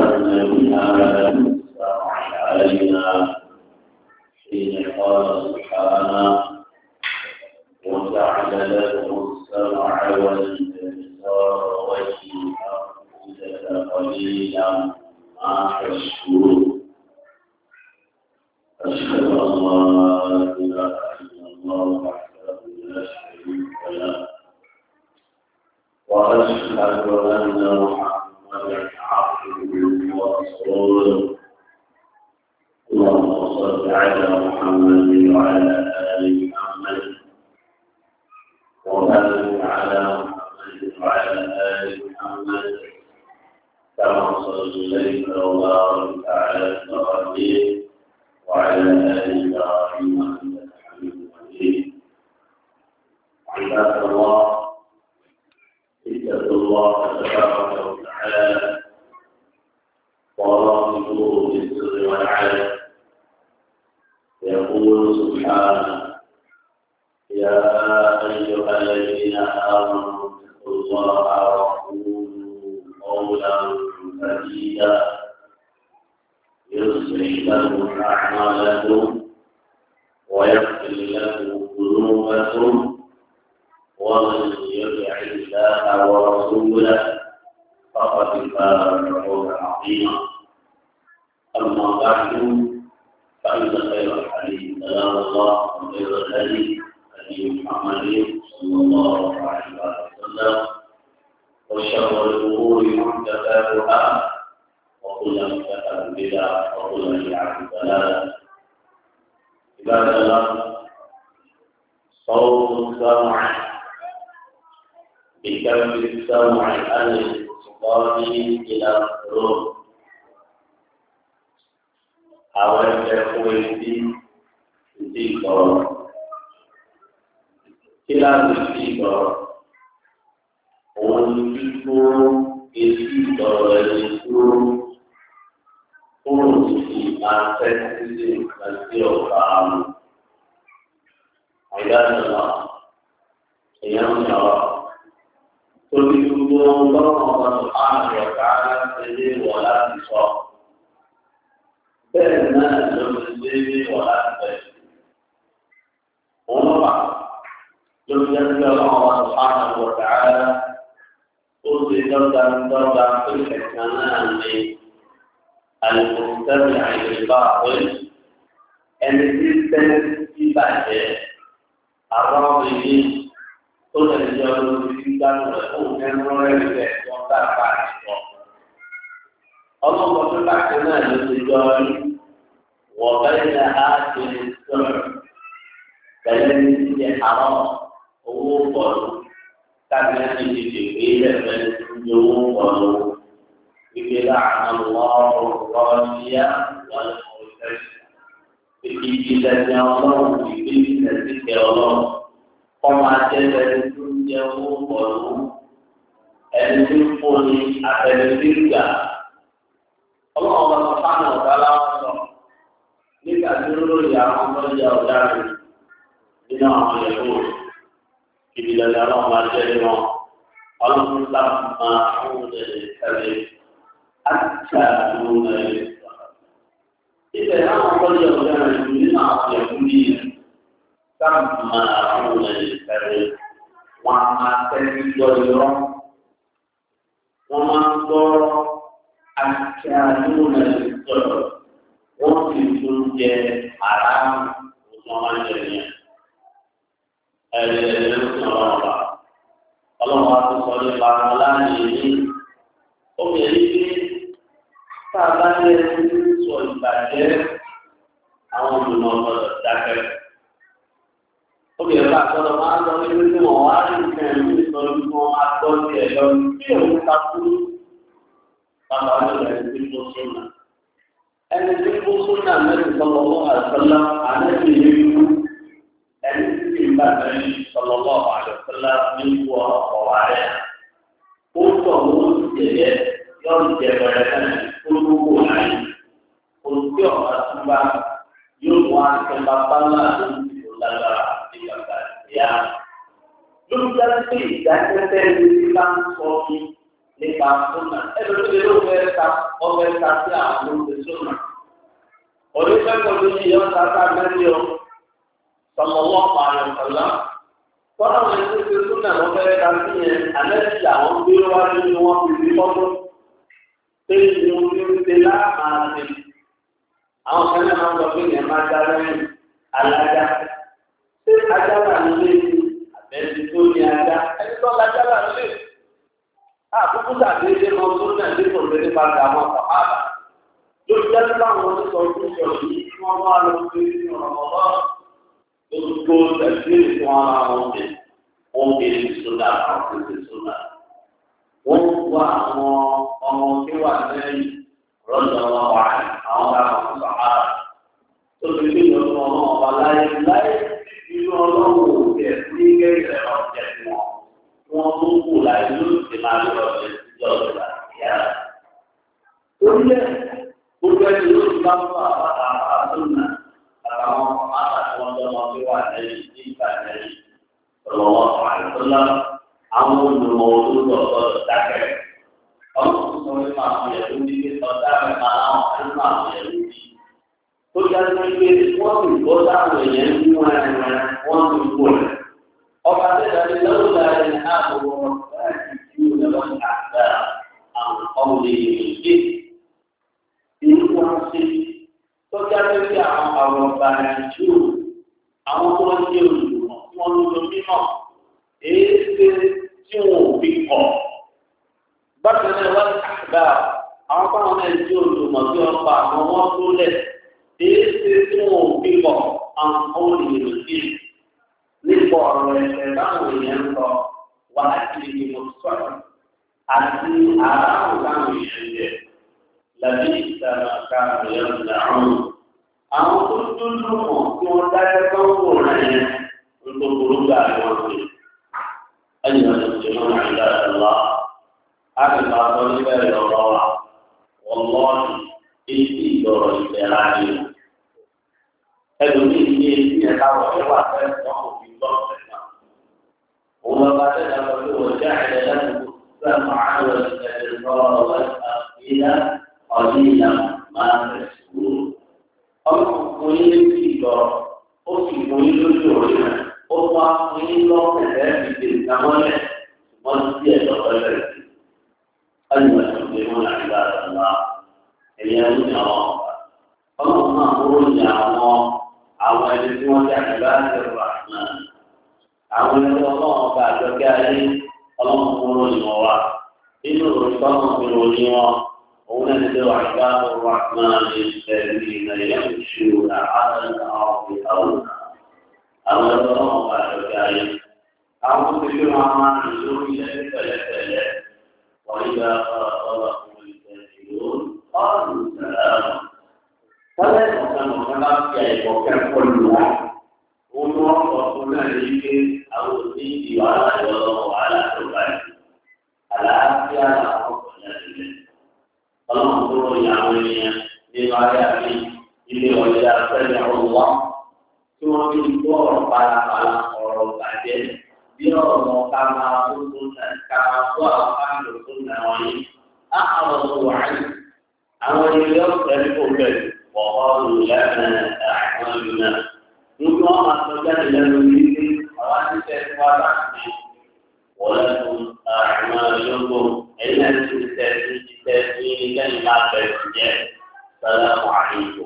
أنزلنا منها مستمع علينا حين قال سبحانه قليلا ما تشكرون أشهد أن لا إله إلا الله وحده لا شريك له وأشهد أن محمدا اللهم صل على محمد وعلى آل محمد على محمد وعلى آل محمد كما إبراهيم وعلى آل الله وسلم صوت السمع بكم السمع عن الخطاب إلى القلوب أولا يقول ذكر kíláàsì sí ìgbọ̀rọ̀ òun ni kíkó etí ìgbọ̀rọ̀ ẹni kúrò kúrò sí àtẹ́sílẹ̀ àti ọ̀gá àmì. عباد الله صيام شراب كل الله سبحانه وتعالى سجل ولا تصاب بين الناس المسلمين ولا تسجد ونقع لم يذكر الله سبحانه وتعالى قلت ترجع دردا في الحكمان المستمع للباطل and resistance to bad àwọn ọmọdé tó lè jẹ olórí gbígbá lọ kó nínú rẹ rẹ tó ń dábàá àtìkọ. ọlọ́mọ tó bàtẹ́ náà ló ti jọ rí wọ́n bẹ́ẹ̀ ní àáké sọ̀rọ̀ pẹ̀lú ní ti àwọn owó pọ̀lú tàbí ní ti dèbè rẹ̀ pẹ̀lú ní owó pọ̀lú. Ibi láàánú lọ́rùn rọ́ọ̀lì yá wọ́n lè mú ìfẹ́ sí. Ibi ìdílé ní ọlọ́run ìgbésí ti kẹ ọlọ́run kọ́mọ ajẹ́lẹ̀ tó ń jẹ owó pọ̀lú ẹni tí ń foni àtẹnudígbà ọlọ́run bá sọ fáwọn ọ̀gá láwọn sọ nígbà tí ó lórí àwọn tó ń jẹ ọ̀gá rẹ̀ nínú àwọn ìyẹ̀wò ìbílẹ̀ ọlọ́run bá jẹ́lẹ̀ wọn ọlọ́run bá máa fún ọ̀dẹ̀ kẹlẹ̀ àti àdúgbò rẹ̀. Ibẹ̀ láwọn tó ń jẹ ọ̀gá rẹ̀ nínú àwọn ìyẹ̀wò yìí سماعون للكذب وما تجد اليوم وما صار أكالون للكذب وفي الدنيا حرام وما جميع Ọlọ́run wa tó sọ nípa ọláyé ní obìnrin tí tá a bá ní ẹni tó sọ ìbàjẹ́ àwọn olùmọ̀ ọ̀gbọ́dọ̀ dákẹ́ obìnrin bá gbọ́dọ̀ máa ń lọ ní pé kí wọn wá ní nǹkan ẹ̀mí nítorí kí wọn máa gbọ́ sí ẹ lọ bí òun ta kú bàbá wọn lọ ẹni tí kò sónà ẹni tí kò sónà mẹ́rin sọlọ́wọ́ àṣọlá àlẹ́bí yìí kú ẹni tí kì í bá já sí ìdájẹ́fẹ́ lórí bá ń sọ mi nípa súnà ẹ̀rọ tó lè lóun fẹ́ ta ọbẹ̀ ta sí àwọn oúnjẹ súnà. Orí fẹ́kọ̀ọ́ ló ní ìyọ́n ta ká mẹ́rin o, sọmọwọ́ pààyàn kọ̀lá. Kọ́nà wọn ti fi súnà wọn fẹ́ ta sí yẹn, àlẹ́ ti àwọn gbé wá nínú wọn fi rí mọ́tò. Pé ìlú ní ń ṣe láàmà ṣe. Àwọn kan náà máa ń sọ pé ìyẹn máa ẹni tó ní ada ẹni tó lájà là ń lè àkókò tàbí ẹni lọ tó ní ẹni tó lè nípa ti àwọn sàmáàbà lórí jáde láwọn oníṣọ ojú ìṣọ yìí tí wọn bá lọ sí ní ọmọlọ lórúkọ ẹgbẹ́ ìfún ara wọn ní wọn kì í sọdá àwọn kì í sọdá wọn wá àwọn ọmọ tí wà lẹ́yìn rọjò wọn wà àwọn bá wọn sàmáàbà tó fi kí ìjọba ọmọ ọba láyé láyé ìlú ọlọ́wọ́ kéré rẹ̀ máa ń jẹ fún wọn. Wọ́n tó ń kù láì ló ti máa lọ ọ̀sẹ̀ síjọ́ ọ̀sẹ̀ àyà. Torí ẹ̀ gbogbo ẹni ló ti bá fún àbáta àbátúnà àtàwọn àtàwọn ọmọ tó wà lẹ́yìn ní ìgbà lẹ́yìn ọ̀lọ́wọ́ àìsọ́lá àwọn olùmọ̀ olùkọ́ ọ̀sọ̀ dákẹ́. Ọlọ́run sọ nípa àwọn ìyẹ̀wò ní ọ̀dà mẹ́ta àwọn àìsàn àwọn ìyẹ̀wò ní tó yá ló ń gbé wọ́n ti gbọ́ sáwọn èèyàn ń mú ẹ̀rẹ̀ wọ́n ti kú rẹ̀. وقد لولا الإلهام والمفاتيحون والأحباب عن قولهم الجد ìlúwàsí tó jáde sí àwọn àwọ̀bà ìjú àwọn tó ń jẹ olùmọ̀ tí wọ́n ń lo mímọ̀ èyí ṣe tí wọn ò fi kọ̀. bákan náà wọ́n ti àgbà àwọn táwọn náà jẹ olùmọ̀ tí wọ́n pa àwọn wọn tó lẹ̀ èyí ṣe tí wọn ò fi kọ̀ àwọn olùmọ̀ sí i nípa ọ̀rọ̀ ẹ̀sẹ̀ báwo èèyàn ń lọ wà láti lè mọ̀ sọ̀rọ̀ àti àárọ̀ báwo èèyàn jẹ làbí ìtàlá káàmù yẹn làwọn. àwọn tó dúdú mọ̀ tí wọ́n dájọ́ tó ń wò rẹ̀ yẹn ń tó burú gbà wọ́n pè. ẹ̀yìn náà ti mú àyíká ẹ̀lá a sì máa tọ́ níbẹ̀ lọ́wọ́ wa wọ́n lọ́ọ̀dì èyí sì ní èyí ẹ̀ka wọ̀ ẹ̀wà fẹ́ sọ́kùn الضغط هو ما تذهب وجعل لكم السمع والابصار والافئده قليلا ما تشكرون ọlọ́run kò ní létí lọ ó sì kò ní lójú òní rẹ̀ ó wá kò ní lọ ẹ̀rẹ́ ìdè ìdámọ́lẹ̀ wọ́n ti ẹ̀ lọ́pẹ́lẹ̀ sí. Ayọ̀ ẹ̀sùn pé wọ́n yà nígbà tó ń bá ẹ̀yẹ ń yàn ọ́. Ọlọ́run náà ó yàn àwọn àwọn ẹni tí wọ́n yà nígbà tó ń bá náà. àwọn ẹni ọlọ́run ọba àjọkẹ́ ayé ọlọ́run fún ròyìn wọn wá nínú òrùka wọn fi ròyìn wọn òun náà ti dé wà nígbà ọ̀rọ̀ àtúnáàlì ẹ̀rí ìnáyà ìṣirò àádọ́rin àwọn ọ̀gbìn àwọn àwọn ẹni ọlọ́run ọba àjọkẹ́ ayé àwọn ti fi wọn máa rìn lórí ẹni pẹ̀lẹ́pẹ̀lẹ́ wọ́n yíba ọ̀rọ̀ ọkùnrin ìṣẹ̀lẹ̀ ọ̀rùn sàlámù. wọ́n lẹ́nu ọ̀kan ọ̀kan láti àìkọ̀kẹ́ pọ̀lú wọn. òun wọn kọ fún náà yìí pé ala òbí ala àjọ wàhálà tó nínú àwọn àtọ́jáde lẹ́nu ní ní àwọn àtúnṣe ẹ̀fọ́ àtàkùnrin wọlé fún àwọn ọlọ́gbọ ẹ̀yìn àti ìṣẹ́ ìṣẹ́ ní lẹ́yìn máa bẹ̀rẹ̀ jẹ́ sálámù àyíkò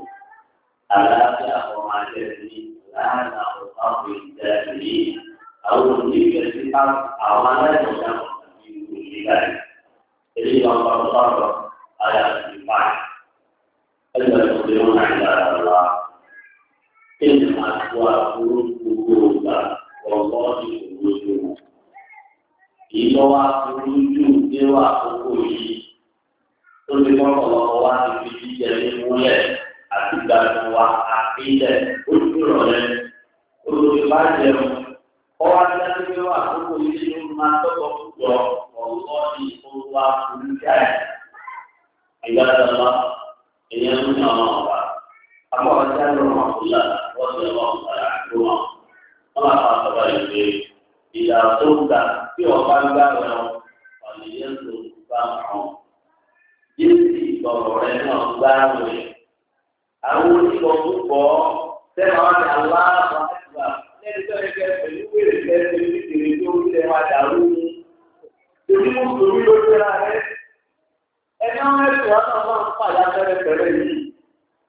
àlàáfíà ọmọ àjẹsí láàrín àwọn ọmọ ìjà ìlú àwọn oníṣẹ́ sí àwọn aláìmọ̀dá àti ìlú ìlú èyí lọ bá bọ́ bá bọ́ àyà ìfà ẹgbẹ̀rún tó ń rìn lára wa. máa tó àbúrò gbogbo ìgbà ọ̀gbọ́n ti kúrò jù wọ́n. ìlọ́wọ́ àbúrò jù nínú àkókò yìí tó ti kọ́ ọ̀pọ̀lọpọ̀ wá ti fi jíjẹ ní múlẹ̀ àti gbàgbọ́ wa àpilẹ̀ ojúrọ̀ rẹ̀ olùdíbà jẹun ọwọ́ adájọ́ pé wà àkókò yìí ló máa tọ́kọ̀ púpọ̀ ọ̀gbọ́n ní ìfowópamọ́ ìjà ìgbàdàgbà èèyàn ń yàn ọ̀rọ̀ أما رجال رحمه الله رضي الله تعالى عنهما وما خاطب به إذا صمت في وقال له فليصم سمعه جنسي ضرورين أصداره أول يقول سمع الله أكبر Ibi mùsùlùmí ló tẹ́ra rẹ̀. Ẹni àwọn ẹ̀sùn àtàwọn àpàdé abẹ́rẹ́ pẹ̀lú yìí.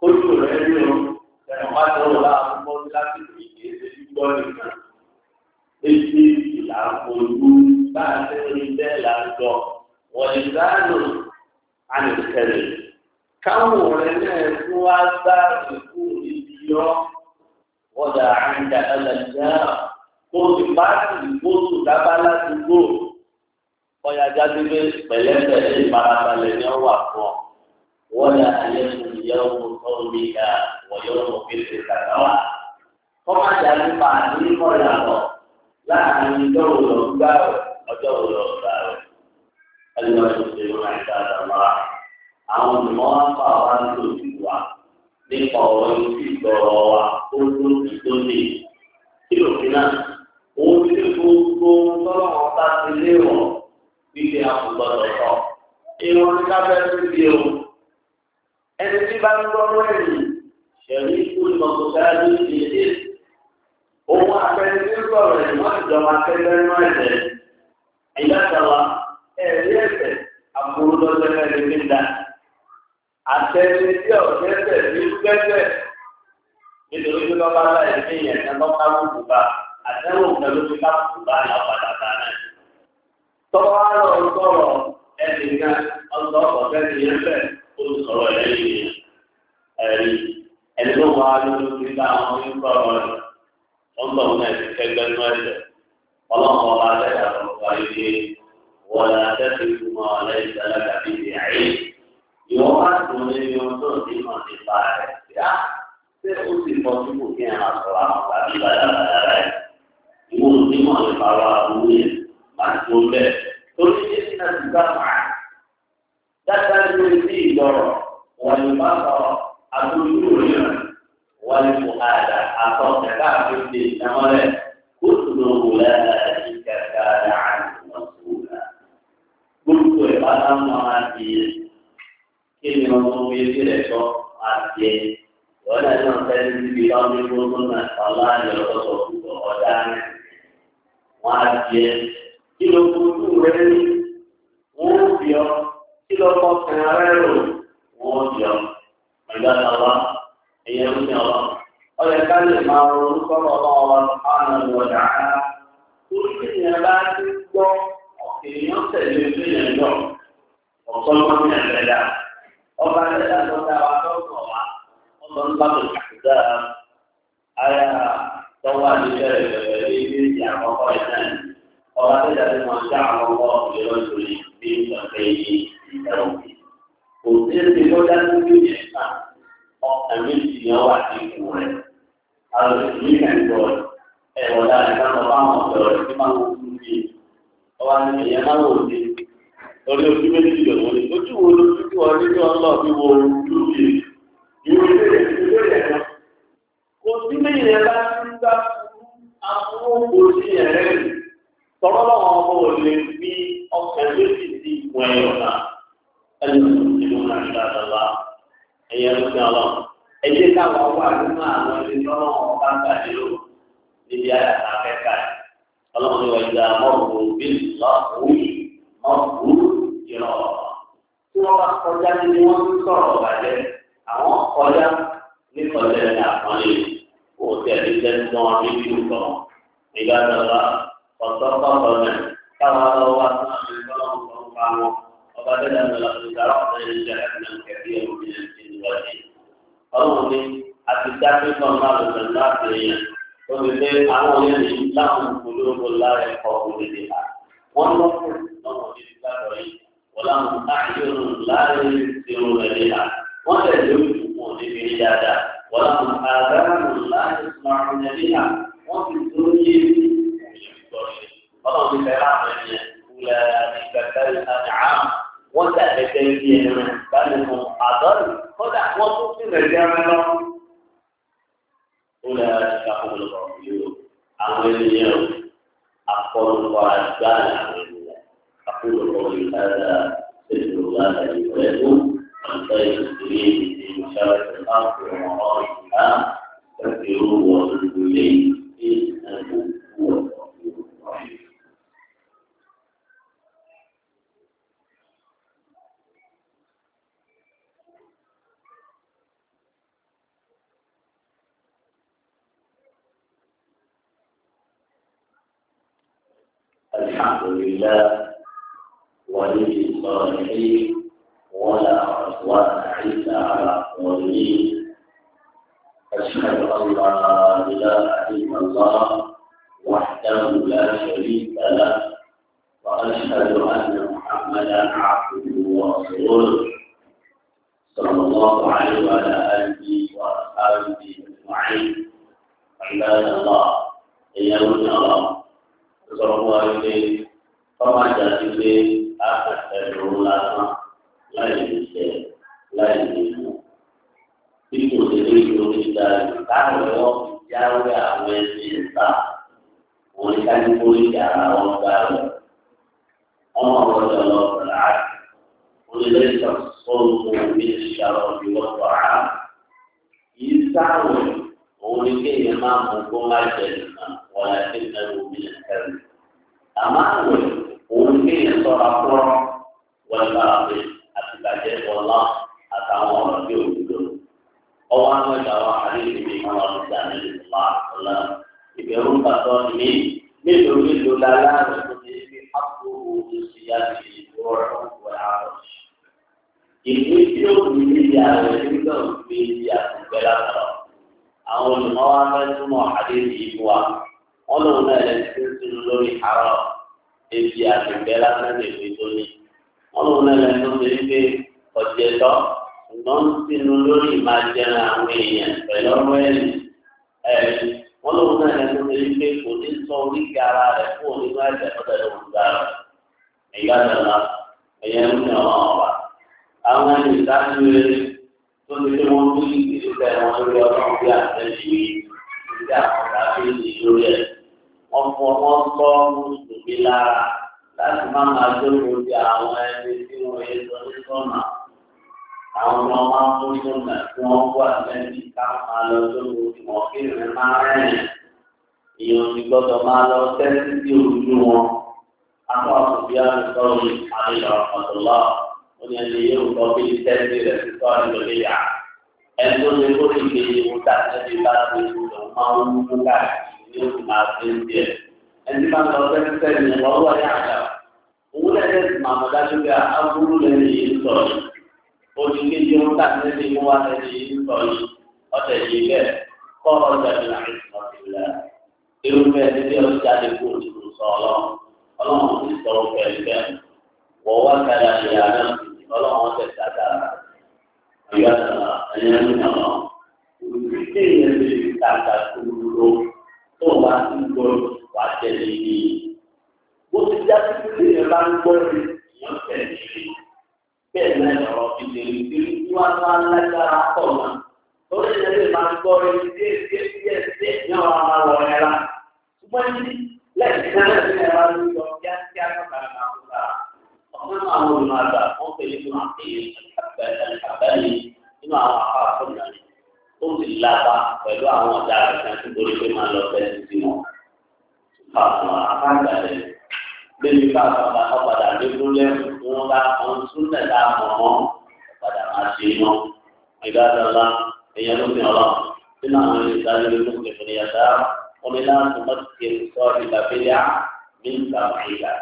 kótó rẹ̀ ní o ẹ̀rọ wá tó wà àkókò láti fi èdè gbígbọ́ nìkan. Èsì ìlàkòlù bá a ti rí bẹ́ẹ̀ lájọ. Wọ́n ti dáàlù àlùkẹ́lẹ̀. Káwọn rẹ̀ náà tún wá bá ìkú ìdí yọ. Wọ́n dà àǹdà ẹlẹ́dẹ́ ti bá ìgbóòtú dábá láti gbó. Ọ̀yà jáde pẹ̀lẹ́pẹ̀lẹ́ ìfarabalẹ̀ ni ó wà fún ọ. Wọ́n dà يوم قومك ويوم فكرك سواء. فما جعلت بعد من قول sọ̀rọ̀ lẹ́yìn ẹ̀rí ẹni tó wà lójú nígbà àwọn onígbà ọ̀rọ̀ wọn bọ̀ wọn ẹ̀sìn kẹgbẹ́ nú ẹ̀sẹ̀ ọlọ́mọ ọba lẹ́yìn àwọn ọba yìí wọ́n lọ sẹ́sìn fún ọ lẹ́yìn sẹ́lẹ̀ tàbí ìdí àyè ìwọ́n bá tún ní ní ohun tó ní mọ̀ nípa rẹ̀ yá ṣé ó sì mọ tí kò kí ẹ̀ràn sọ̀rọ̀ àwọn tàbí bàdàbàdà rẹ̀ ìwọ́n ní mọ̀ nípa wa lóye àti dáadáa lórí sí ìlọrọ wàlúbàbọ àbúrò yìí wàlúbù àdá àtọkẹ káàkiri ṣe ìdámọlẹ kó tùnú wòlẹ àti kẹkẹ àdá àdúgbò wòlẹ. gbogbo ẹ̀ bá dáhùn máa ti yẹ kí ni wọn tún fi ṣe rẹ̀ sọ máa ti yẹ wọ́n náà náà fẹ́ẹ́ ní ibi bá wọn ní wọn náà ọlá ni ọ̀tọ̀ọ̀tọ̀ kúkọ̀ ọ̀dá rẹ̀ wọ́n á ti yẹ kí ló kú tó rẹ̀ ní wọ́n fi ọ́ ọkọ̀ kẹrẹ rò wọ́n di ọ. ẹ̀yẹ ń yàn ọ. Ọyẹ ká lè máa ronú sọ́rọ̀ ọlọ́wọ́ àná ìwọ̀dà á. Orí ìyẹn bá ti gbọ́ èèyàn tẹ̀lé ojú yẹn lọ. Ọ̀sán máa ń yàn lẹ́dà. Ọba lẹ́dà tó dá wa lọ́sọ̀ wa. Ọ̀sán ń bá tòun kàkúdà. Aya tọ́wọ́ àdìsẹ́ rẹ̀ bẹ̀rẹ̀ lé ilé ìyá àkọ́kọ́ ìdáyìí. Ọba lẹ́dà tó máa dá àwọn ọkọ̀ ìrọ̀lẹ́ ìtàn kò sí ẹsẹ̀ ló dájú bí ó yẹ ká ọkàn méjì yẹn wà ní ìkú rẹ̀ àwọn ìlú ìkànnìkọ ẹ̀rọ dára ká lọ bá wọn sọ̀rọ̀ sí máa ń kú bí ọba ní ìyẹn máa wò sí lórí ojú méjì lè wọlé ojú wo lójú tí wọn rí ní ọlọ́ọ̀bí wo ojú yìí ìwé ìbéèrè ìbéèrè kan kò sí méjì yẹn bá ń gbá àwọn òkú sí ẹ̀rẹ́ tọ́lọ́lọ́wọ́n ọmọ òní. يسمعون بها وفي الدنيا ọlọ́run ti fẹ́ràn àwọn ènìyàn wúlẹ̀ ìgbàgbẹ́ àdáhàm wọ́n ti àgbẹ̀tẹ̀ ibi ẹ̀rọ ìbálẹ̀ fún àdọ́rì kódà wọ́n tún sí rẹ̀jẹ̀ rẹ̀ lọ. wúlẹ̀ ìgbàkúnlọ̀ yóò àwọn ènìyàn akọlùkọ àgbà àwọn ènìyàn akọlùkọ ìlànà ètò ìlànà ìwẹ̀ẹ́dùn àti ìdílé ìdílé ìṣàlẹ̀ ìlànà ìwọ̀n ọ̀rọ̀ ìlànà. إليه إنه هو الغفور الرحيم الحمد لله ولي الصالحين ولا عدوان إلا على قول إله إلا الله وحده لا شريك له وأشهد أن محمدا عبده ورسوله صلى الله عليه وعلى آله وأصحابه أجمعين عباد الله إياكم الله صلى الله عليه فما جاء به أحد لا ينسى لا ينسى ìlànà táwọn ẹ̀rọ fi jáwé àwọn ẹbí ìta oníkánikóri yàrá wọn gbà rẹ̀. wọ́n máa wọ́n lọ lọ bàrà onílé ìtàkùn omi ìṣàrọ̀ ìwọ̀n bàrà. yìí sáwọn òun ni kéèyàn máa mú kó má jẹ nìkan wọ́n yà kí nínú omi ìṣẹ̀lẹ̀. àmọ́ àwọn òun kéèyàn sọ̀rọ̀ fún wọn lọ́wọ́ àti ìbàjẹ́ ọlá àtàwọn ọ̀rọ̀ bí òun ọwọ́ àgbàdo àwọn àdéhùn mi máa ń gbà ní ìlúmọ̀ àtúnlá ìbẹ̀rù ń bàtọ́ mi mélòó mélòó la láàrin tó ti fi àpò oṣù ya ti ìlú ọ̀rọ̀ ọ̀gbọ̀n àrọ̀. ìlú tí ó kù ní ìyá rẹ̀ nígbà òfin ìyá àtúgbẹ́ látọ̀ àwọn olùmọ̀wá fẹ́ túmọ̀ àdéhùn yìí wá wọ́n lòun náà lè ti ń sinú lórí àrọ̀ èsì àtúgbẹ́ látọ̀ lè fi tó ní wọ́n lòun náà lè tó ṣùgbọ́n sínú lórí máa jẹun àwọn èèyàn pẹ̀lú ọ̀rọ̀ ẹ̀yìn ẹ̀yìn wọn lóun náà yẹn tó ṣe wípé kò ní sọ oríkì ara rẹ̀ fún onínú ẹ̀jẹ̀ tó tẹ̀lé òun gbà rẹ̀ ẹ̀yà dàda ẹ̀yẹ ń fi ọ̀rọ̀ ọ̀wà àwọn ẹni ìdájú rere tó ti fi wọn tó yí ìdílé bẹ́ẹ̀ wọn lórí ọlọ́run bí àtẹ̀lé ìdílé àwọn tàbí ìdílé rẹ̀ wọn fọ wọn gbọ́ mùsùlùmí lára láti má àwọn ọmọ wa ń mú sọ́nà tí wọ́n wà lẹ́bi ká máa lọ sóko tí wọ́n kéèrè máa rẹ̀ èèyàn ti gbọ́dọ̀ máa lọ tẹ́sí sí ojú wọn akọ àkùbí àlùsọ́ọ̀rù àlùyà ọ̀tọ̀lá wọn ni ẹni yóò lọ bí tẹ́sí rẹ̀ sí sọ́ọ̀rù lórí yà ẹni tó ṣe kó lè gbé ewu tá a tẹ́sí bá ti kú lọ máa ń mú káàkiri ní oṣù máa fi ń jẹ ẹni máa lọ tẹ́sí sẹ́yìn lọ́wọ́ yà àjà òun lẹ́sẹ̀ máa mọ̀ dájú pé aburú lẹ́yìn yìí sọ̀rọ̀ olùkéjì ń kà ní ẹni mú wa lẹ́yìn yìí sọ yìí ọ̀tẹ̀ yìí bẹ́ẹ̀ kọ́ ọjà ní àìsàn ìlẹ̀ irúfẹ́ ẹni tí ó jáde kó o ti kò sọ ọlọ́run ọlọ́run ti sọ ọ̀fẹ́ ẹgbẹ́ wọ́n wá kàdà ìyá náà ọlọ́run ọ̀tẹ̀ dáadáa ìyá náà ẹni ẹni náà olùkéjì yẹn lè kàkà tó lò tó wá sí gbọ́ wá tẹ̀lé yìí bó ti já sí pé bá ń gbọ́ ẹ̀ ìyàn yìí bẹ́ẹ̀ náà ọ̀rọ̀ ìdèrè ìdèrè tí wọ́n á lágbára pọ̀ mọ́. lórí ìdílé máa ń gbọ́ ẹni díẹ̀ díẹ̀ díẹ̀ díẹ̀ ní ọ̀rọ̀ máa lọ ẹ̀ la. ṣùgbọ́n ní lẹ́yìn náà lẹ́yìn náà ló yọ kíákíá kọ́kàrà máa kó ta. ọ̀gbọ́n náà wọ́n lò àgbà wọ́n pè é fún àbẹ̀lẹ̀ nínú àwọn afá àkọ́nà ni. ó sì lába pẹ̀lú àwọn ọ̀dà rẹ̀ kan tó borí pé máa lọ bẹ́ẹ̀ sí wọn. àwọn afá àgbà rẹ̀ lé wọn bá àwọn súnlẹ̀ tá a mọ̀ wọ́n padà máa ṣe iná. ìgbà àdàlà èèyàn ló fi ọ̀rọ̀ nínú àwọn ìdájọ́ ìlú kẹfìrì yàtá omi náà tó mọ́ ti kiri sọ ìgbà fẹ́lẹ́ à ní ìgbà ìgbà.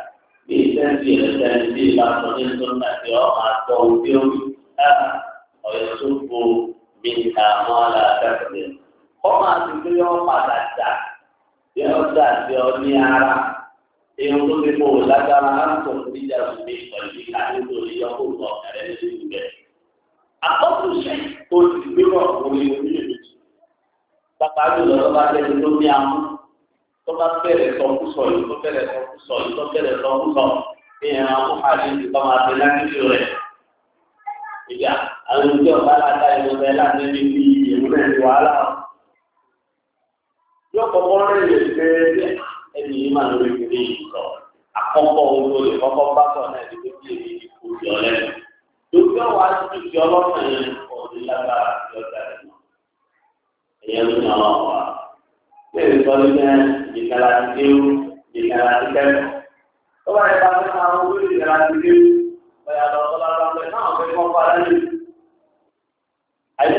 bí ìsẹ́ǹtì ìrẹsẹ̀ǹtì bí ìbátan ní súnlẹ̀ tí ọ máa tọ́ ojú omi ọ̀yọ́ tó fo mi àwọn aláàbẹ̀rẹ̀. ọ máa ti gbé ọ padà dà yọ dà sí ọ ní ara èèyàn tó ti mú o lágbára láti ọ̀sẹ̀ ìjà òṣèlú pẹ̀lú ìka nítorí ọkọ̀ ìgbà ọ̀kẹ́rẹ́ nínú ìgbẹ́. Àkọ́kọ́ ṣe kó o ti gbé wọ̀ orí orí ìlú. Bàbá jùlọ tó bá lẹ́nu ló ní amú. Tó bá bẹ̀rẹ̀ sọ fún sọ yìí, tó bẹ̀rẹ̀ sọ fún sọ yìí, tó bẹ̀rẹ̀ sọ fún sọ. Èèyàn àwọn àti ìgbà máa fi lákìtì rẹ̀. Ìjà àwọn ìjọ bá láta ìmọ̀lẹ́ láti ní bí ìmúlẹ̀ ní àkọ́kọ́ owó lè kọ́kọ́ bá náà ní kókó ní kó yọ lẹ́nu. lójú ọ̀wá ti fi ọ̀dún lágbára ti ọjà rẹ̀ ẹ̀yẹ ló ní ọlọ́run wa. bẹ́ẹ̀ sọ ní ẹ ìkàlà ti déwú ìkàlà ti kẹ́kọ̀ọ́. tó bá yẹ ká fẹ́ máa ń wí ìkàlà ti déwú ọ̀yà lọ́sọ̀ lára pẹ̀ náà fẹ́ kọ́ fara lé. àyè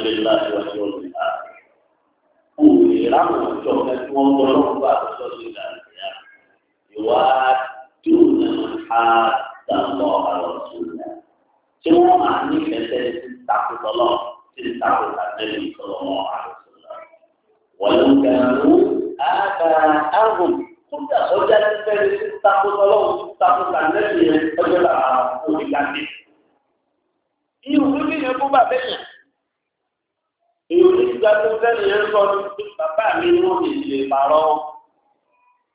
بالله واليوم الآخر قولي رحمة الله وضرب رسول الله يوادون من حاد الله ورسوله semua mani kata takut Allah, takut Nabi Sallallahu Alaihi Wasallam. Walau kamu ada album, sudah sudah dari takut Allah, takut Nabi, adalah ulikan ini. Ini ulikan yang kubah banyak ìgbà tó tẹ́lẹ̀ yẹn sọ ní bàbá mi ni wọ́n fi lè pààrọ̀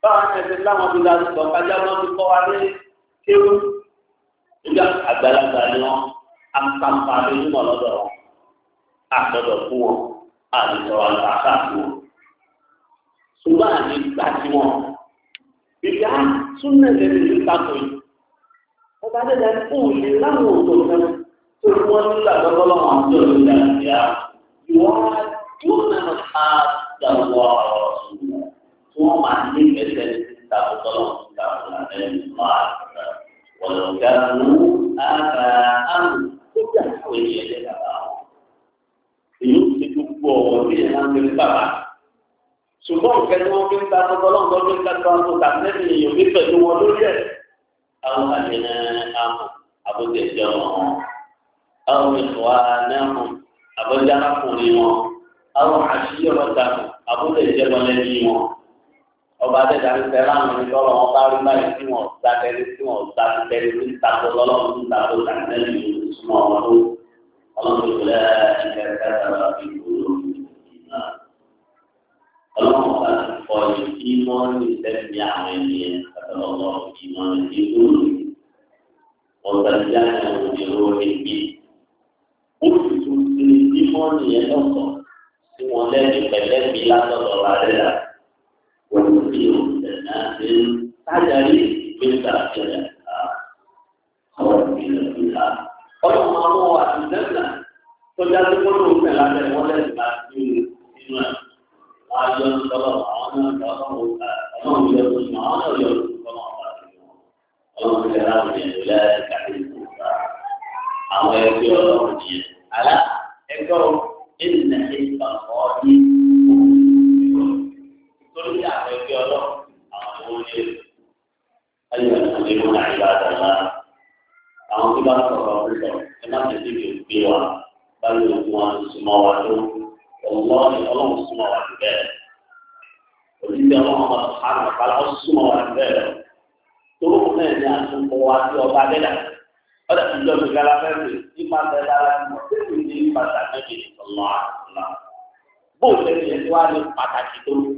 báwọn ẹ̀sẹ̀ láwọn fi láti sọ kájá wọn ti kọ́ wa ní kéwù nígbà àgbàlagbà ni wọn àǹfààní àdéhùn ọlọ́dọ̀ wọn àtọ̀dọ̀ fún wọn àdìsọ̀rọ̀ àlùbáṣà fún wọn. ṣùgbọ́n àmì ìgbà tí wọn ìyá súnmọ̀ lẹ́nu ìlú tako yìí ọba dẹ́dẹ́ fún òye láwọn òkòtò tó wọ́n nígbà lọ́wọ́lọ́wọ́ àti ọ̀dọ̀ ìyá ìwọ́n á دون من حاد الله ورسوله ثم عندك كتاب الله كتاب الله ولو كانوا آباءهم تدعوا إليك آباءهم ليمسكوا بهم بأمر بابا ṣùgbọ́n kẹ́ni wọ́n fi ń ta tọ́tọ́lọ́ ń tọ́jú ká tó aṣọ tàbí èèyàn fi pẹ̀lú wọn lórí ẹ̀. àwọn àdínà àwọn àṣìyọ̀lọ́ta àbúlé ìjẹ́bọ̀lẹ́bí wọn ọba adẹ́dá ń fẹ́ láwọn ẹni tọ́lọ̀ wọn bá rí báyìí tí wọ́n gba tẹ́lẹ̀ tí wọ́n gba tẹ́lẹ̀ tí ń takò lọ́lọ́run ń takò tàbílẹ́lì ìṣúná ọmọ tó ọlọ́run tó lẹ́ ẹ̀kẹ́ kẹta ìgbòho ọlọ́run ọba ti fọ ìdí mọ́ ní ìtẹ́sí àwọn ènìyàn àtọ̀lọ́wọ́ ìmọ̀ ìgbòho ọ̀gá ìyá ìyàwó ìró ẹ̀gbẹ́ ó sì tún ti ìdí mọ́ nìyẹn tí wọ́n lẹ́bi pẹ̀lẹ́bi látọ̀dọ̀ láàrin rà wọ́n fi ọ̀sẹ̀nà ní sájàrí ìgbésà ìjọba àwọn ìgbésà ìjọba. ọlọ́run máa mú àtúntẹ́sà tó dájú pé lóun fẹ́ lábẹ́ wọ́n lẹ́bi máa fi inú ẹ̀. wọ́n á yọ sọ́lọ̀ àwọn náà yọ ọlọ́run ọlọ́run yọ sọ́lọ̀ àwọn náà yọ sọ́lọ̀ ọlọ́run fẹ́ láwọn ènìyàn lẹ́yìn kàdé ìgbésà àwọn ẹgbẹ́ ọlọ́run yẹn. àlá ẹgbẹ́ ọ̀ أيها المسلمون عباد الله أعوذ بالله من الشيطان كما تجد بيوا بل هو السماوات والله الله السماوات بيت وإن الله سبحانه وتعالى السماوات بيت تروح من الناس القوات وبعدها هذا كله بكلام إما تدارك مسلم إما تدارك الله الله بوسه الجوال فتاكتو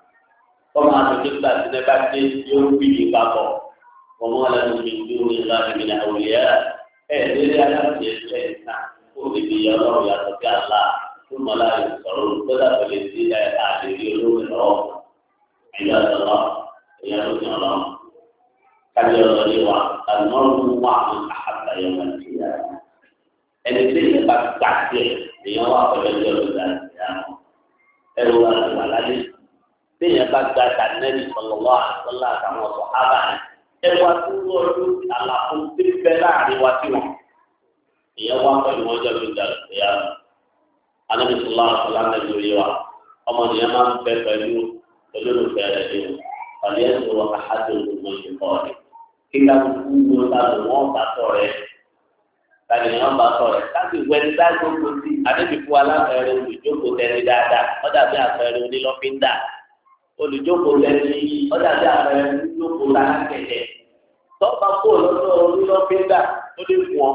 kọ́mọ àtúntò àti nípa tí yóò fi yìí papọ̀ ọmọ ọlọ́run mi tó ní ìlànà ìlànà òwúlẹ̀ ẹ̀ lórí aláàbò ẹ̀fẹ̀ náà kó o lè fi yọ ọlọ́run yàtọ̀ sí àlá tó mọ láàyè sọ̀rọ̀ gbọ́dọ̀ tó lè sí ẹ̀ àdéhìí olóògbé lọ́wọ́ ẹ̀yà ọ̀dọ́ ẹ̀yà lóṣù ọ̀lọ́ kájí ọ̀dọ́ lè wà ànọ́ọ̀rù wà ní àhàbàyọ̀ nàìjíríà ẹni tí ìyẹn bá gbà sí ẹ̀ téèyàn bá gba tànẹ́bì sọlọ́wọ́ àtọ́lá àtàwọn sọ̀hábà ẹ wá tó lọ́ọ́dún àlàfo tí ń bẹ láàrin wá sí wọn. ìyẹn wá pẹ̀lú wọn jẹ́ lójà ìyá anábì sọlá àtọ́lá náà lórí wa ọmọ nìyẹn máa ń bẹ pẹ̀lú olólùfẹ́ rẹ̀ ni ọ̀lẹ́ ẹ̀sọ́ wọn àhájọ ìgbìmọ̀ ìṣẹ̀kọ́ rẹ̀ kí káàkiri kú wọn láti wọn bá tọ̀ rẹ̀ tani bá tọ̀ rẹ̀ káàkiri wẹni dájókòó sí àdébìfọ́ aláfẹ́rẹ́ òjòkó tẹni dáadáa ọ̀dàbí àfẹ́rẹ́ onílọ́fíńdà olùjókòó lẹ́ni ọ̀dàdé àpẹẹrẹ olùjókòó lákẹ̀kẹ̀ tọ́pà kó lọ́dọ̀ onílọ́pẹ́dà ó lè fún ọ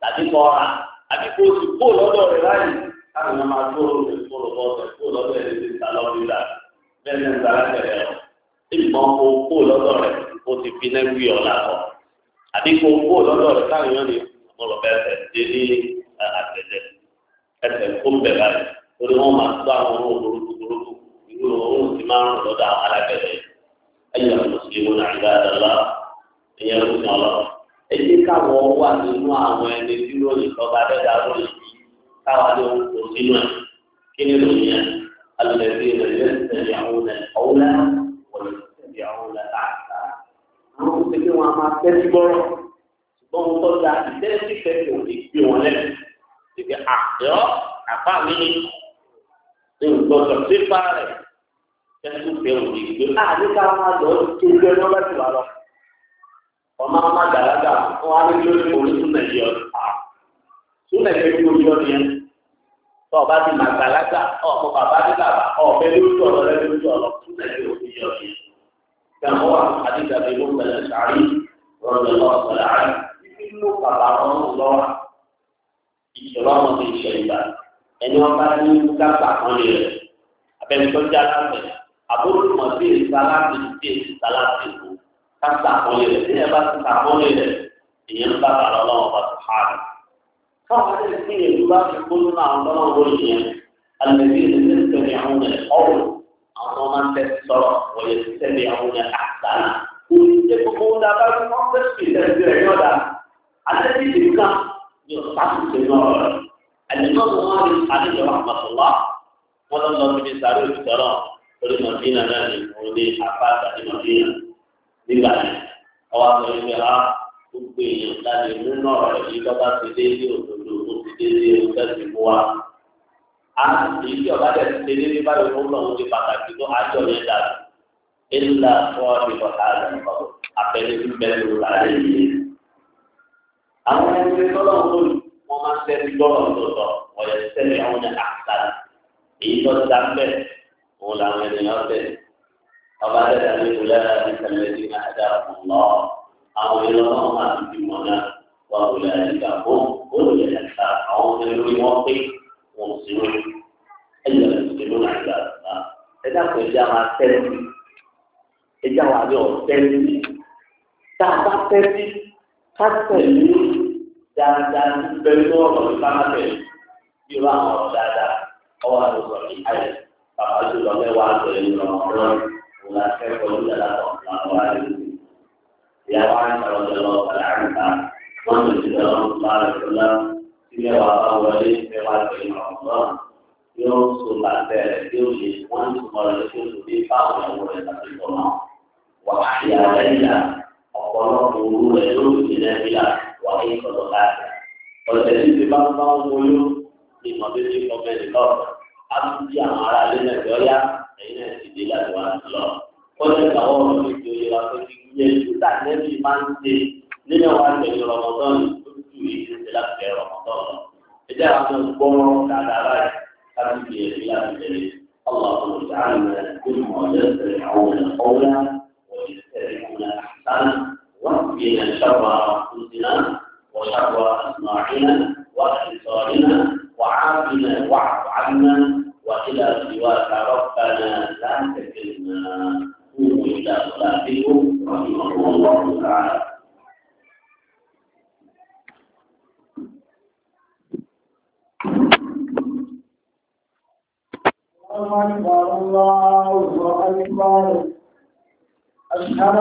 tàbí kọ́ ọ̀rà àbí kó o sì kó lọ́dọ̀ rẹ̀ láyé káwọn ọmọ agbóró rẹ̀ kó lọ́dọ̀ rẹ̀ kó lọ́dọ̀ rẹ̀ lè ta lọ́dọ̀ bẹ́ẹ̀ ni nǹkan alákẹ̀rẹ̀ rẹ̀ ìmọ̀ kó o kó lọ́dọ̀ rẹ̀ kó o ti fi nẹ́gbì ọ̀la kọ̀ àbí kó o kó lọ́dọ̀ rẹ̀ káwọn yóò ní ọmọlọ bẹ́ẹ̀ dé ní àtẹ̀jẹ ẹsẹ̀ kó ń bẹ̀ báyìí torí wọ́n máa tó àwọn olórúkọ márùn lọ́dọ̀ àwọn alágbẹ̀dẹ ẹ̀yìn mùsùlùmí náà ìgbà àdàlá ẹ̀yìn mùsùlùmí ọlọ́run ẹ̀yìn káwọ́ wà nínú àwọn ẹni tí lónìí kọ́ bá dẹ́gbà lónìí káwá ló ń kó sínú ẹ̀ kí ni lónìí yẹn alẹ́ bí ẹ̀rẹ́ tẹ̀lé àwọn ọ̀lẹ́ ọ̀lẹ́ tẹ̀lé àwọn ọ̀lẹ́ àgbà àwọn tó ti wọn a máa tẹ́tí gbọ́rọ̀ ṣùgbọ́n wọn tọ́jú àtẹ́tí fẹ́ẹ́ kò ní gbé wọn lẹ́nu ṣùgbọ́n àjọ ti pa rẹ̀ ẹtù bẹ òní gbé àti ká máa lọ tó gbé ẹgbẹ́ bá ti wà lọ. ọmọ ọmọ gàlágà wọn á ní kí ó ní orí tún nàìjíríà ọ̀tá tún nàìjíríà ní ojú ọ̀nì ah, yẹn. tó ọba ti mà gàlágà ọmọ bàbá ní bàbá ọbẹ ní ojú ọ̀rọ̀ rẹ ní ojú ọ̀rọ̀ tún nàìjíríà ojú ọ̀nì yẹn. gbàmọ́ wa àti ìdàgbé ló ń bẹ̀rẹ̀ sàárì rọ̀lẹ́ lọ́sọ̀lá nínú bàbá wọn ìṣòro àwọn ti ẹni wọn bá ní kápá kan lè rẹ̀ abẹ́ni tó àbójúmọ̀ sí ìsaláàtì sí ìsaláàtì kù káṣà àkọlé rẹ̀ tí ẹ bá ti sàkọlé rẹ̀ èyí ń bá bàrà ọlọ́run bá ti pa rẹ̀. káwọn ẹni tí èyí bá ti kó nínú àwọn tọ́lọ́ wọlé yẹn alẹ́bí ẹni tí ń tẹ̀lé àwọn ọmọ rẹ̀ ọ̀rọ̀ àwọn ọmọ máa ń tẹ̀ sọ̀rọ̀ wọlé ti tẹ̀lé àwọn ọmọ rẹ̀ àtàlà. kò ní ṣe gbogbo ohun dáa bá ti wọ́n fẹ́ fi ìtẹ̀sí rẹ̀ yọ̀dà alẹ́bí ìdí kan ni ọ̀sán ti ṣe náà rẹ̀ àdìmọ́ lórí mọ̀tínà náà ní mo ní apá àti mọ̀tínà nígbà yẹn ọwọ́ àwọn ẹgbẹ́ ha gbogbo èèyàn láti mú náà rẹ̀ yí lọ́ba ti dé ní òdodo ó ti dé ní oúnjẹ ti mú wa. a sì ń yọ̀ bá dẹ̀ ti dé ní báyìí ó lọ́wọ́ ti pàtàkì tó àjọ yẹn dà ilà fún ìbọn àlọ́ abẹ́lé ń bẹ́ẹ̀ ló láàrin yìí. àwọn ẹgbẹ́ tọ́lọ́wọ́ lónìí wọ́n máa ń tẹ́lẹ̀ lọ́rọ̀ lọ́tọ̀ òun làwọn ènìyàn bẹ̀. ọba dẹ́ta ní ìwúlẹ̀ láti tẹ̀lé ní àdá ọ̀lọ́ àwọn ènìyàn náà máa ti fi mọ̀ náà wà wúlẹ̀ nígbà fún olùyẹ̀ ẹ̀ka àwọn onírúurú wọn pé wọn ò sí lórí ẹ̀yọ̀ ìṣẹ̀lẹ̀ ló máa gbà náà ẹ̀dá kò ẹja máa tẹ́lẹ̀ ẹja wà ní ọ̀tẹ́lẹ̀ tá a bá tẹ́lẹ̀ ká tẹ̀lé dáadáa pẹ̀lú ọ̀rọ̀ ìbámu bí irú àwọn ọ̀rọ̀ dáadáa ọwọ́ àlùkò ní ayẹyẹ pàpà jùlọ mẹ́wàá àgbẹ̀ ìlú ọ̀rọ̀ òun akẹ́kọ̀ọ́ nílẹ̀ látọ̀ làwọn àdéhùn. ìyàwó àìsàn ọ̀dọ̀ lọ bàlá àrùntà wọ́n lè ti lọ bá rẹ̀ lọ́lá tí mẹ́wàá bá wọlé mẹ́wàá àgbẹ̀ ìlú ọ̀rọ̀ yóò so làbẹ́ rẹ̀ yóò lè wọ́n ti mọ̀ rẹ̀ yóò tó bí báwọn ẹ̀wọ̀ rẹ̀ tàbí tọ̀nà. wà á yà lẹ́yà ọ̀pọ̀lọpọ̀ òru rẹ̀ yóò ti lẹ́yà wà á yẹ kọ̀ọ̀dọ̀ láti. ọ̀sẹ̀ tí ti bá bá wọn wọlé ìmọ̀ àtúntì àwọn ará ilé náà jọ yá ẹ̀yin náà ti dé láti wá lọ. wọ́n ti kàwọ́ ọ̀rọ̀ mi tó yẹ wa pé kí yẹ ìdúrà nẹ́bí máa ń ṣe nínú wa tẹ̀lé rọmọdọ́n tó ju èyí ṣe láti tẹ̀ rọmọdọ́n lọ. ẹ jẹ́ àwọn gbọ́rọ̀ dáadáa báyìí láti fi èyí láti tẹ̀lé اللهم اجعلنا مما يسرعون قولا ويسترعون احسانا واكفنا شر انفسنا وشر اسماعنا وعافنا واعف وإلى سواك ربنا لا تكلنا قوموا إلى صلاتكم رحمكم الله تعالى الله أكبر الله أكبر أشهد